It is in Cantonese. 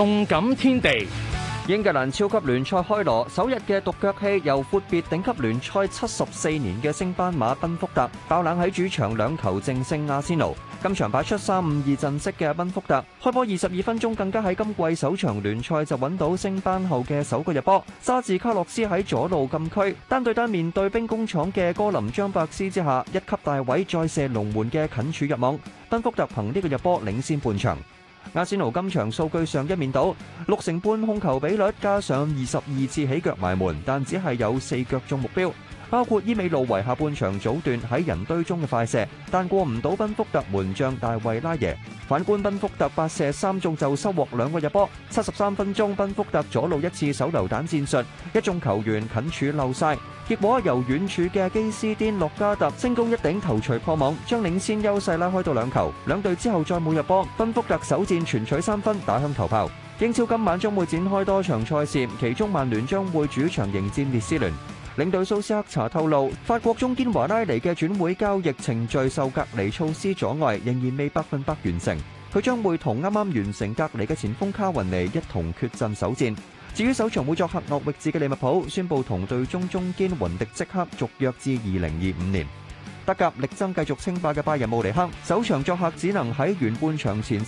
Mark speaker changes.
Speaker 1: 動感天地，英格蘭超級聯賽開鑼首日嘅獨腳戲，由闊別頂級聯賽七十四年嘅升班馬賓福特爆冷喺主場兩球淨勝阿仙奴。今場擺出三五二陣式嘅賓福特，開波二十二分鐘更加喺今季首場聯賽就搵到升班後嘅首個入波。沙治卡洛斯喺左路禁區單對單面對兵工廠嘅哥林張伯斯之下，一級大位再射龍門嘅近柱入網，賓福特憑呢個入波領先半場。阿仙奴今場數據上一面倒，六成半控球比率，加上二十二次起腳埋門，但只係有四腳中目標。包括伊美路維下半場早段喺人堆中嘅快射，但過唔到賓福特門將大衛拉耶。反觀賓福特八射三中就收穫兩個入波。七十三分鐘，賓福特左路一次手榴彈戰術，一眾球員近處漏曬，結果由遠處嘅基斯甸洛加特升空一頂頭槌破網，將領先優勢拉開到兩球。兩隊之後再冇入波，賓福特首戰全取三分，打響頭炮。英超今晚將會展開多場賽事，其中曼聯將會主場迎戰列斯聯。領隊蘇斯克查透露，法國中堅華拉尼嘅轉會交易程序受隔離措施阻礙，仍然未百分百完成。佢將會同啱啱完成隔離嘅前鋒卡雲尼一同缺陣首戰。至於首場會作客諾域治嘅利物浦，宣布同隊中中堅雲迪即刻續約至2025年。德甲力爭繼續稱霸嘅拜仁慕尼黑，首場作客只能喺完半場前